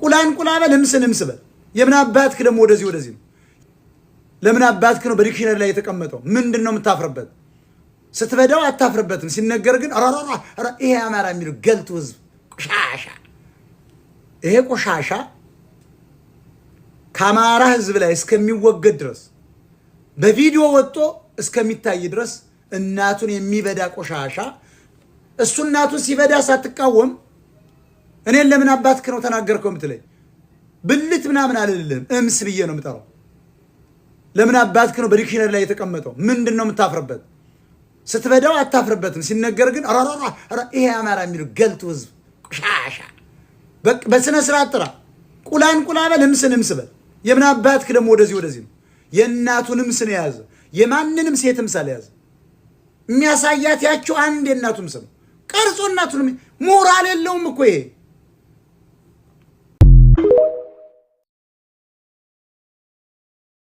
ቁላን ቁላ በል ህምስን ህምስ በል። የምን አባትክ ደግሞ ወደዚህ ወደዚህ ነው። ለምን አባትክ ነው በዲክሽነሪ ላይ የተቀመጠው? ምንድን ነው የምታፍርበት? ስትበዳው አታፍርበትም። ሲነገር ግን ይሄ አማራ የሚሉ ገልቱ ህዝብ ቆሻሻ፣ ይሄ ቆሻሻ ከአማራ ህዝብ ላይ እስከሚወገድ ድረስ በቪዲዮ ወጥቶ እስከሚታይ ድረስ እናቱን የሚበዳ ቆሻሻ እሱ እናቱን ሲበዳ ሳትቃወም እኔን ለምን አባትክ ነው ተናገርከው የምትለኝ? ብልት ምናምን አልልልህም። እምስ ብዬ ነው የምጠራው። ለምን አባትክ ነው በዲክሽነሪ ላይ የተቀመጠው? ምንድን ነው የምታፍርበት? ስትበዳው አታፍርበትም፣ ሲነገር ግን ራራራ ይሄ አማራ የሚሉ ገልቱ ህዝብ ቆሻሻ። በስነ ስርዓት ጥራ። ቁላን ቁላ በል፣ እምስን እምስ በል። የምን አባትክ ደግሞ ወደዚህ ወደዚህ ነው። የእናቱን እምስን የያዘ የማንንም ሴት ምሳል የያዘ የሚያሳያት ያቸው አንድ የእናቱ ምስ ነው ቀርጾ እናቱን ሞራል የለውም እኮ ይሄ